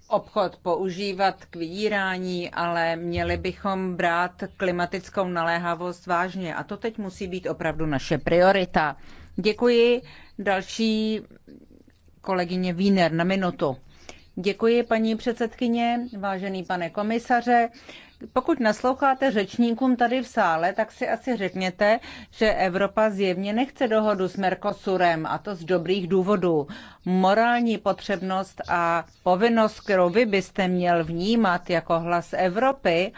obchod používat k vydírání, ale měli bychom brát klimatickou naléhavost vážně. A to teď musí být opravdu naše priorita. Děkuji. Další kolegyně Wiener na minutu. Děkuji, paní předsedkyně, vážený pane komisaře. Pokud nasloucháte řečníkům tady v sále, tak si asi řekněte, že Evropa zjevně nechce dohodu s Mercosurem a to z dobrých důvodů. Morální potřebnost a povinnost, kterou vy byste měl vnímat jako hlas Evropy,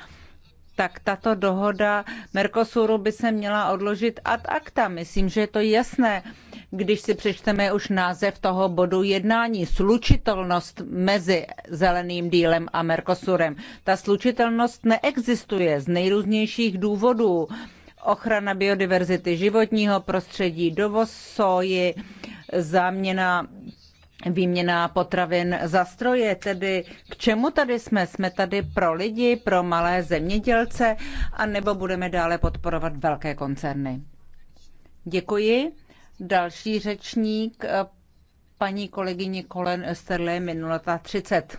tak tato dohoda Mercosuru by se měla odložit ad acta. Myslím, že je to jasné, když si přečteme už název toho bodu jednání. Slučitelnost mezi zeleným dílem a Mercosurem. Ta slučitelnost neexistuje z nejrůznějších důvodů. Ochrana biodiverzity životního prostředí, dovoz soji, záměna výměna potravin za stroje, tedy k čemu tady jsme? Jsme tady pro lidi, pro malé zemědělce, anebo budeme dále podporovat velké koncerny? Děkuji. Další řečník, eh, paní kolegyně Kolen Esterle, minulata 30.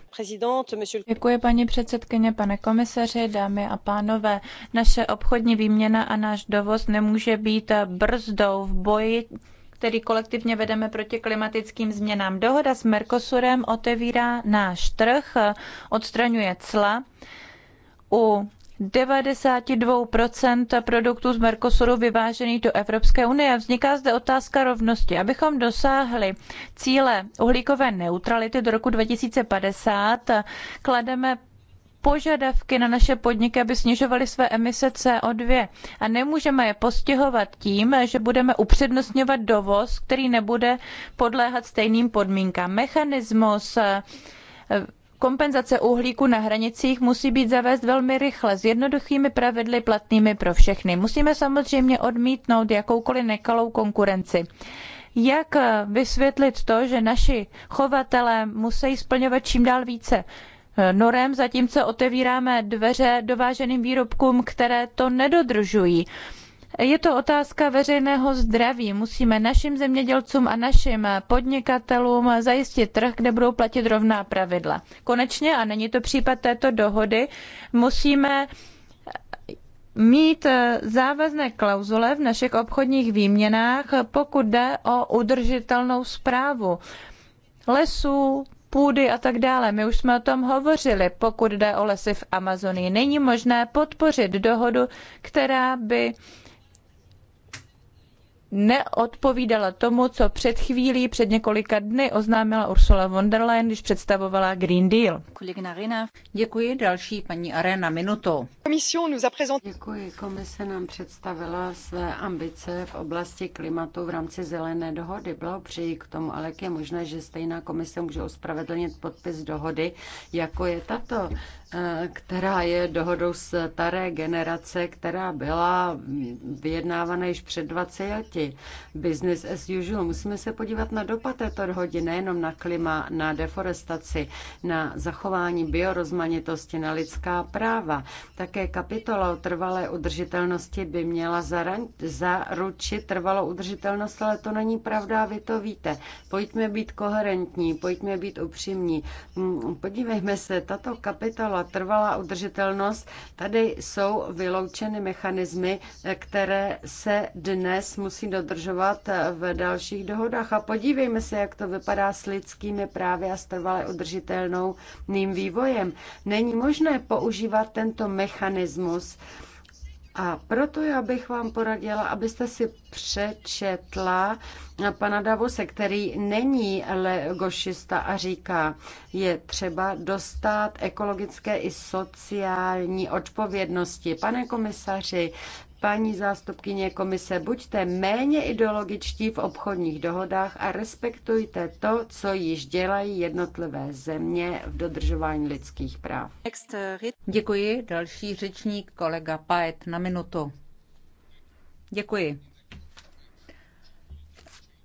Děkuji paní předsedkyně, pane komisaři, dámy a pánové. Naše obchodní výměna a náš dovoz nemůže být brzdou v boji který kolektivně vedeme proti klimatickým změnám. Dohoda s Mercosurem otevírá náš trh, odstraňuje cla. U 92 produktů z Mercosuru vyvážených do Evropské unie. Vzniká zde otázka rovnosti. Abychom dosáhli cíle uhlíkové neutrality do roku 2050, klademe požadavky na naše podniky, aby snižovaly své emise CO2 a nemůžeme je postihovat tím, že budeme upřednostňovat dovoz, který nebude podléhat stejným podmínkám. Mechanismus eh, kompenzace uhlíku na hranicích musí být zavést velmi rychle, s jednoduchými pravidly platnými pro všechny. Musíme samozřejmě odmítnout jakoukoliv nekalou konkurenci jak eh, vysvětlit to, že naši chovatelé musí splňovat čím dál více norem, zatímco otevíráme dveře dováženým výrobkům, které to nedodržují. Je to otázka veřejného zdraví. Musíme našim zemědělcům a našim podnikatelům zajistit trh, kde budou platit rovná pravidla. Konečně, a není to případ této dohody, musíme mít závazné klauzule v našich obchodních výměnách, pokud jde o udržitelnou správu lesů, půdy a tak dále. My už jsme o tom hovořili, pokud jde o lesy v Amazonii. Není možné podpořit dohodu, která by neodpovídala tomu, co před chvílí, před několika dny oznámila Ursula von der Leyen, když představovala Green Deal. Děkuji další paní Arena minutu. Děkuji, komise nám představila své ambice v oblasti klimatu v rámci zelené dohody. Blahopřeji k tomu, ale jak je možné, že stejná komise může ospravedlnit podpis dohody, jako je tato, eh, která je dohodou staré generace, která byla vyjednávána již před 20 lety oblasti business as usual. Musíme se podívat na dopad této dohody, nejenom na klima, na deforestaci, na zachování biorozmanitosti, na lidská práva. Také kapitola o trvalé udržitelnosti by měla zaručit trvalou udržitelnost, ale to není pravda a vy to víte. Pojďme být koherentní, pojďme být upřímní. Mm, podívejme se, tato kapitola trvalá udržitelnost, tady jsou vyloučeny mechanismy, které se dnes musí dodržovat v dalších dohodách. A podívejme se, jak to vypadá s lidskými právy a s trvale udržitelnou ným vývojem. Není možné používat tento mechanismus, a proto já bych vám poradila, abyste si přečetla pana Davose, který není legošista a říká, je třeba dostat ekologické i sociální odpovědnosti. Pane komisaři, Paní zástupkyně komise, buďte méně ideologičtí v obchodních dohodách a respektujte to, co již dělají jednotlivé země v dodržování lidských práv. Eh, Děkuji. Další řečník, kolega Paet, na minutu. Děkuji.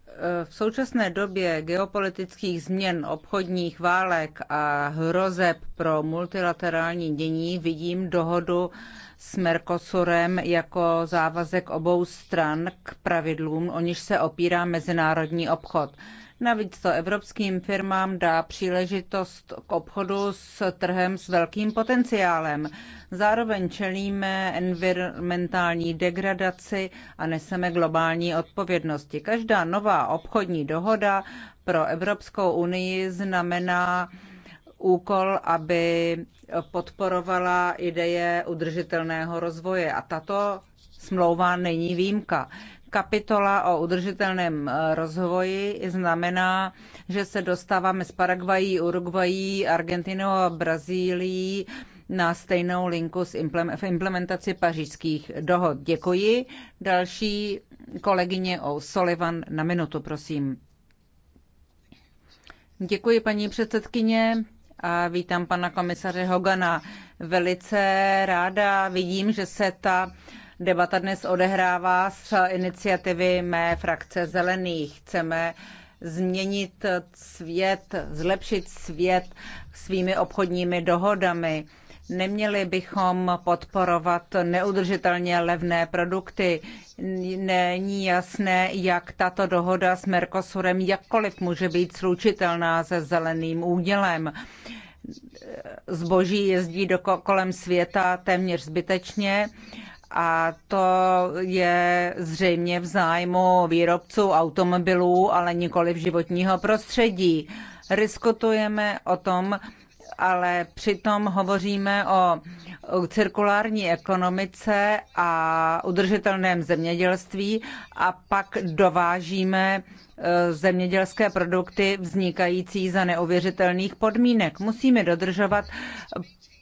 Eh, v současné době geopolitických změn, obchodních válek a hrozeb pro multilaterální dění vidím dohodu s Mercosurem jako závazek obou stran k pravidlům, o niž se opírá mezinárodní obchod. Navíc to evropským firmám dá příležitost k obchodu s trhem s velkým potenciálem. Zároveň čelíme environmentální degradaci a neseme globální odpovědnosti. Každá nová obchodní dohoda pro Evropskou unii znamená úkol, aby podporovala ideje udržitelného rozvoje. A tato smlouva není výjimka. Kapitola o udržitelném eh, rozvoji znamená, že se dostáváme z Paraguají, Uruguají, Argentinou a Brazílií na stejnou linku v implementaci pařížských dohod. Děkuji. Další kolegyně O'Sullivan na minutu, prosím. Děkuji, paní předsedkyně a vítám pana komisaře Hogana. Velice ráda vidím, že se ta debata dnes odehrává z iniciativy mé frakce Zelených. Chceme změnit svět, zlepšit svět svými obchodními dohodami. Neměli bychom podporovat neudržitelně levné produkty. Není jasné, jak tato dohoda s Mercosurem jakkoliv může být slučitelná se zeleným údělem. Zboží jezdí do kolem světa téměř zbytečně a to je zřejmě v zájmu výrobců automobilů, ale nikoli v životního prostředí. Riskutujeme o tom, ale přitom hovoříme o cirkulární ekonomice a udržitelném zemědělství a pak dovážíme e, zemědělské produkty vznikající za neuvěřitelných podmínek. Musíme dodržovat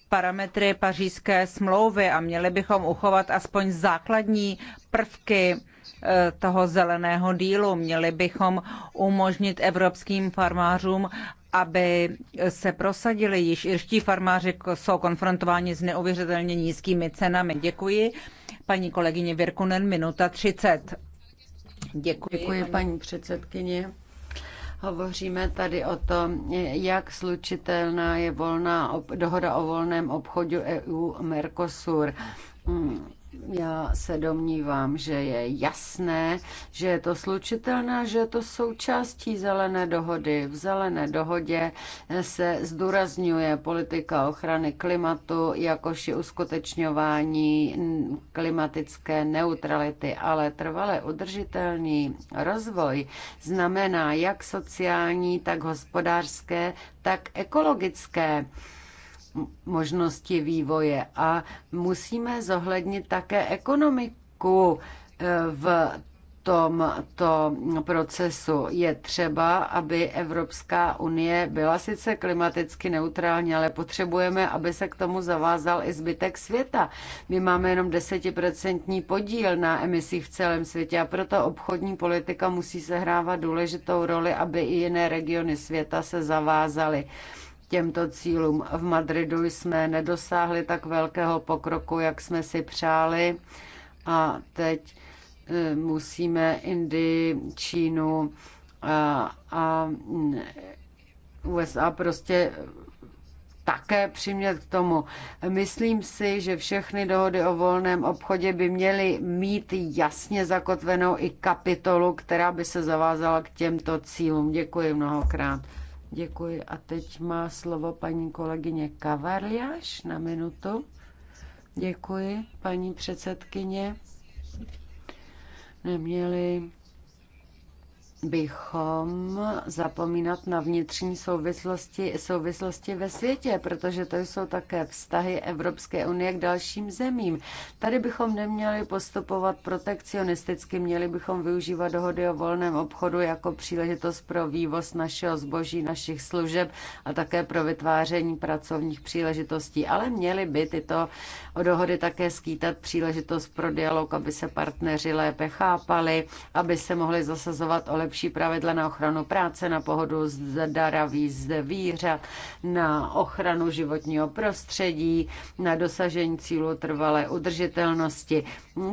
parametry pařížské smlouvy a měli bychom uchovat aspoň základní prvky e, toho zeleného dílu. Měli bychom umožnit evropským farmářům, aby se prosadili. Již irští farmáři jsou konfrontováni s neuvěřitelně nízkými cenami. Děkuji. Paní kolegyně Virkunen, minuta 30. Děkuji, Děkuji paní předsedkyně. Hovoříme tady o tom, jak slučitelná je volná dohoda o volném obchodu EU-Mercosur. Mm. Já se domnívám, že je jasné, že je to slučitelné že je to součástí zelené dohody. V zelené dohodě se zdůrazňuje politika ochrany klimatu, jakož i uskutečňování klimatické neutrality, ale trvale udržitelný rozvoj znamená jak sociální, tak hospodářské, tak ekologické možnosti vývoje a musíme zohlednit také ekonomiku eh, v tomto procesu. Je třeba, aby Evropská unie byla sice klimaticky neutrální, ale potřebujeme, aby se k tomu zavázal i zbytek světa. My máme jenom desetiprocentní podíl na emisích v celém světě a proto obchodní politika musí sehrávat důležitou roli, aby i jiné regiony světa se zavázaly těmto cílům. V Madridu jsme nedosáhli tak velkého pokroku, jak jsme si přáli a teď eh, musíme Indii, Čínu eh, a, eh, a USA prostě také přimět k tomu. Myslím si, že všechny dohody o volném obchodě by měly mít jasně zakotvenou i kapitolu, která by se zavázala k těmto cílům. Děkuji mnohokrát. Děkuji. A teď má slovo paní kolegyně Kavarliáš na minutu. Děkuji, paní předsedkyně. Neměli bychom zapomínat na vnitřní souvislosti, souvislosti ve světě, protože to jsou také vztahy Evropské unie k dalším zemím. Tady bychom neměli postupovat protekcionisticky, měli bychom využívat dohody o volném obchodu jako příležitost pro vývoz našeho zboží, našich služeb a také pro vytváření pracovních příležitostí. Ale měly by tyto dohody také skýtat příležitost pro dialog, aby se partneři lépe chápali, aby se mohli zasazovat o lepší lepší pravidla na ochranu práce, na pohodu zdaraví zvířat, na ochranu životního prostředí, na dosažení cílu trvalé udržitelnosti,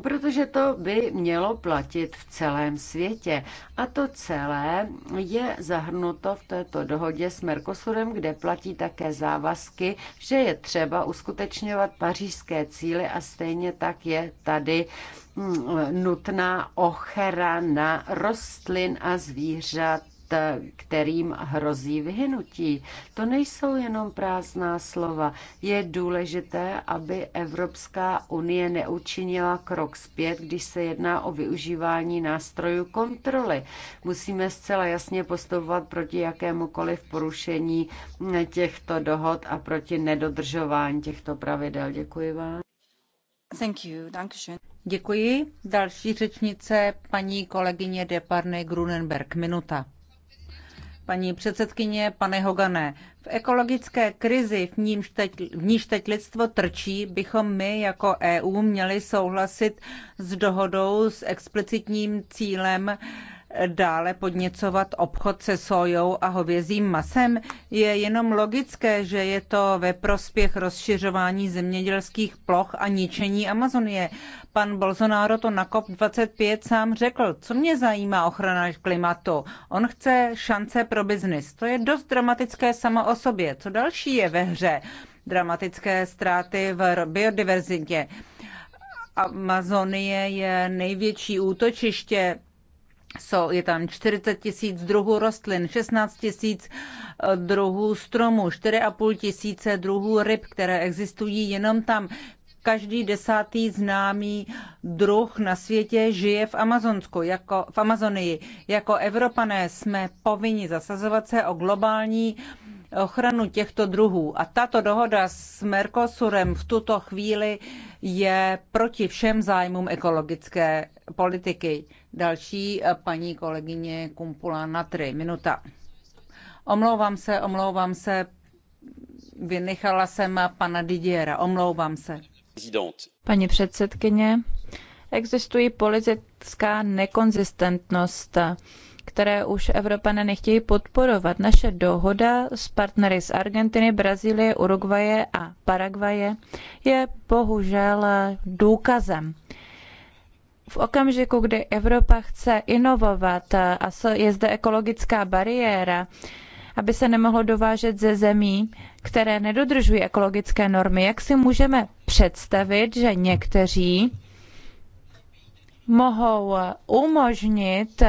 protože to by mělo platit v celém světě. A to celé je zahrnuto v této dohodě s Mercosurem, kde platí také závazky, že je třeba uskutečňovat pařížské cíly a stejně tak je tady Mm, nutná ochrana rostlin a zvířat kterým hrozí vyhnutí. To nejsou jenom prázdná slova. Je důležité, aby Evropská unie neučinila krok zpět, když se jedná o využívání nástrojů kontroly. Musíme zcela jasně postupovat proti jakémukoliv porušení těchto dohod a proti nedodržování těchto pravidel. Děkuji vám. Thank you. Dankeschön. Děkuji. Další řečnice, paní kolegyně Deparny Grunenberg, minuta. Paní předsedkyně, pane Hogané, v ekologické krizi, v, nímž teď, v níž teď lidstvo trčí, bychom my jako EU měli souhlasit s dohodou s explicitním cílem dále podněcovat obchod se sojou a hovězím masem? Je jenom logické, že je to ve prospěch rozšiřování zemědělských ploch a ničení Amazonie. Pan Bolsonaro to na COP25 sám řekl. Co mě zajímá ochrana klimatu? On chce šance pro biznis. To je dost dramatické samo o sobě. Co další je ve hře? Dramatické ztráty v biodiverzitě. Amazonie je největší útočiště So, je tam 40 tisíc druhů rostlin, 16 tisíc eh, druhů stromů, 4,5 tisíce druhů ryb, které existují jenom tam. Každý desátý známý druh na světě žije v, Amazonsku, jako, v Amazonii. Jako Evropané jsme povinni zasazovat se o globální ochranu těchto druhů. A tato dohoda s Mercosurem v tuto chvíli je proti všem zájmům ekologické politiky. Další eh, paní kolegyně Kumpula na tři minuta. Omlouvám se, omlouvám se, vynechala jsem pana Didiera, omlouvám se. Paní předsedkyně, existují politická nekonzistentnost, které už Evropané nechtějí podporovat. Naše dohoda s partnery z Argentiny, Brazílie, Uruguaje a Paraguaje je bohužel důkazem. V okamžiku, kdy Evropa chce inovovat a je zde ekologická bariéra, aby se nemohlo dovážet ze zemí, které nedodržují ekologické normy, jak si můžeme představit, že někteří mohou umožnit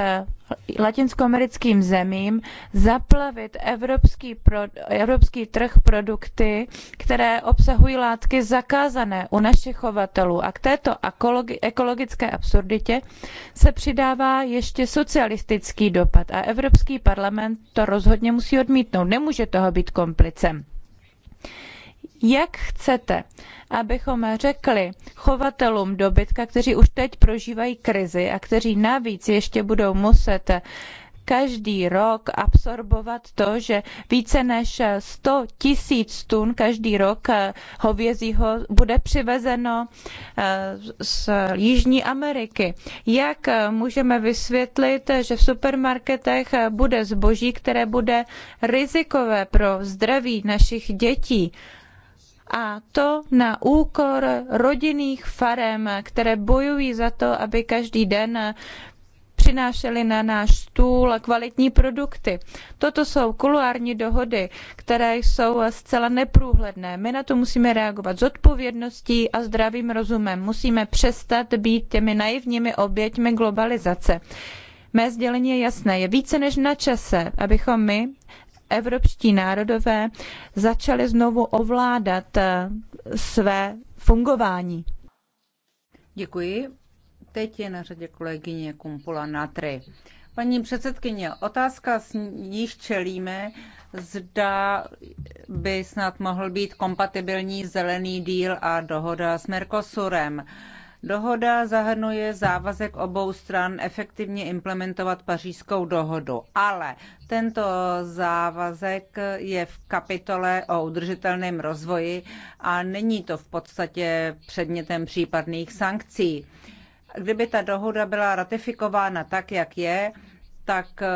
latinskoamerickým zemím zaplavit evropský, pro, evropský trh produkty, které obsahují látky zakázané u našich chovatelů. A k této ekologické absurditě se přidává ještě socialistický dopad a Evropský parlament to rozhodně musí odmítnout. Nemůže toho být komplicem. Jak chcete, abychom řekli chovatelům dobytka, kteří už teď prožívají krizi a kteří navíc ještě budou muset každý rok absorbovat to, že více než 100 tisíc tun každý rok hovězího bude přivezeno eh, z Jižní Ameriky. Jak můžeme vysvětlit, že v supermarketech bude zboží, které bude rizikové pro zdraví našich dětí? a to na úkor rodinných farem, které bojují za to, aby každý den přinášeli na náš stůl kvalitní produkty. Toto jsou kuluární dohody, které jsou zcela neprůhledné. My na to musíme reagovat s odpovědností a zdravým rozumem. Musíme přestat být těmi naivními oběťmi globalizace. Mé sdělení je jasné. Je více než na čase, abychom my, evropští národové začali znovu ovládat eh, své fungování. Děkuji. Teď je na řadě kolegyně Kumpula Natry. Paní předsedkyně, otázka, s níž čelíme, zda by snad mohl být kompatibilní zelený díl a dohoda s Mercosurem. Uh, Dohoda zahrnuje závazek obou stran efektivně implementovat pařížskou dohodu, ale tento závazek je v kapitole o udržitelném rozvoji a není to v podstatě předmětem případných sankcí. Kdyby ta dohoda byla ratifikována tak, jak je, tak eh,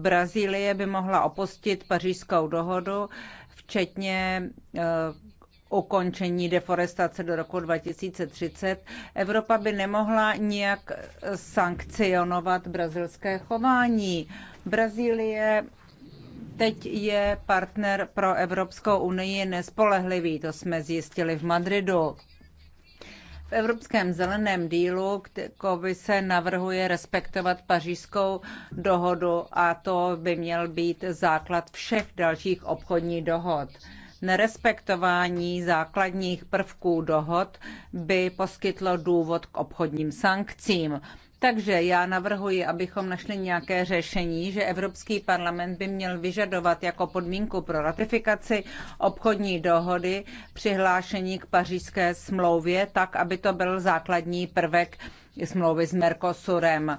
Brazílie by mohla opustit pařížskou dohodu, včetně eh, ukončení deforestace do roku 2030. Evropa by nemohla nijak sankcionovat brazilské chování. Brazílie teď je partner pro Evropskou unii nespolehlivý, to jsme zjistili v Madridu. V Evropském zeleném dílu se navrhuje respektovat pařížskou dohodu a to by měl být základ všech dalších obchodních dohod. Nerespektování základních prvků dohod by poskytlo důvod k obchodním sankcím. Takže já navrhuji, abychom našli nějaké řešení, že Evropský parlament by měl vyžadovat jako podmínku pro ratifikaci obchodní dohody přihlášení k pařížské smlouvě, tak aby to byl základní prvek smlouvy s Mercosurem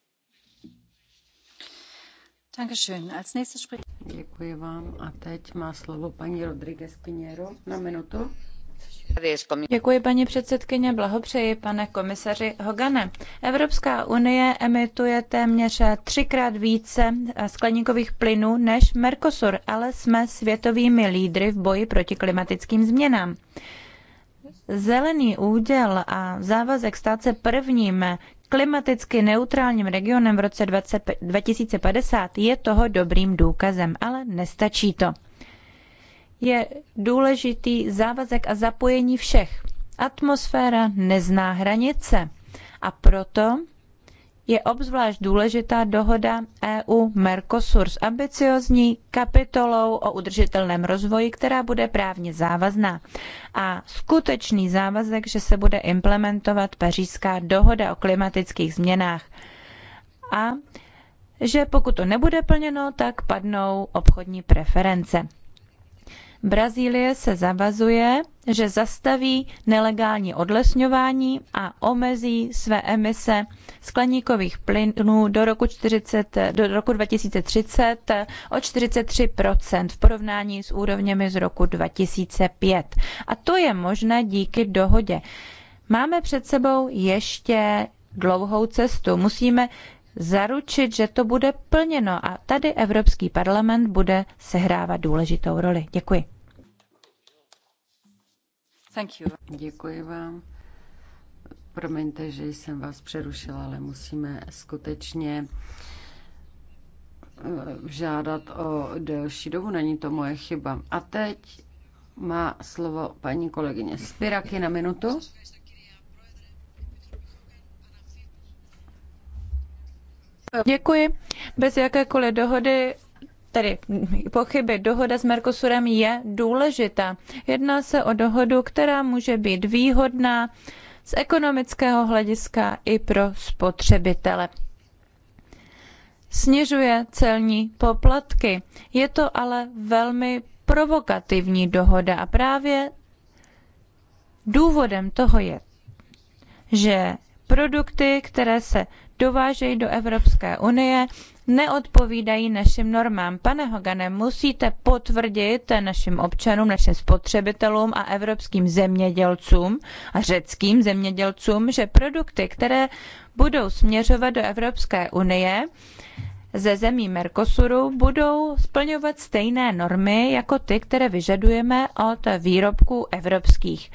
Děkuji vám a teď paní předsedající na minutu. Děkuji, paní předsedkyně. Blahopřeji, pane komisaři Hogane. Evropská unie emituje téměř třikrát více skleníkových plynů než Mercosur, ale jsme světovými lídry v boji proti klimatickým změnám. Zelený úděl a závazek stát se prvním klimaticky neutrálním regionem v roce 20, 2050 je toho dobrým důkazem, ale nestačí to. Je důležitý závazek a zapojení všech. Atmosféra nezná hranice a proto je obzvlášť důležitá dohoda EU-Mercosur s ambiciózní kapitolou o udržitelném rozvoji, která bude právně závazná a skutečný závazek, že se bude implementovat pařížská dohoda o klimatických změnách a že pokud to nebude plněno, tak padnou obchodní preference. Brazílie se zavazuje, že zastaví nelegální odlesňování a omezí své emise skleníkových plynů do roku, 40, do roku 2030 o 43% v porovnání s úrovněmi z roku 2005. A to je možné díky dohodě. Máme před sebou ještě dlouhou cestu. Musíme zaručit, že to bude plněno a tady Evropský parlament bude sehrávat důležitou roli. Děkuji. Thank you. Děkuji vám. Promiňte, že jsem vás přerušila, ale musíme skutečně eh, žádat o delší dobu. Není to moje chyba. A teď má slovo paní kolegyně Spiraky na minutu. Děkuji. Bez jakékoliv dohody Tedy pochyby, dohoda s Mercosurem je důležitá. Jedná se o dohodu, která může být výhodná z ekonomického hlediska i pro spotřebitele. Snižuje celní poplatky. Je to ale velmi provokativní dohoda a právě důvodem toho je, že produkty, které se dovážejí do Evropské unie, neodpovídají našim normám. Pane Hogane, musíte potvrdit našim občanům, našim spotřebitelům a evropským zemědělcům a řeckým zemědělcům, že produkty, které budou směřovat do Evropské unie, ze zemí Mercosuru budou splňovat stejné normy jako ty, které vyžadujeme od výrobků evropských.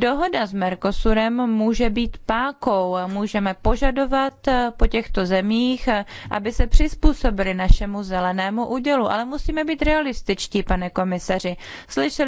Dohoda s Mercosurem může být pákou. Můžeme požadovat eh, po těchto zemích, eh, aby se přizpůsobili našemu zelenému údělu, ale musíme být realističtí, pane komisaři. Slyšeli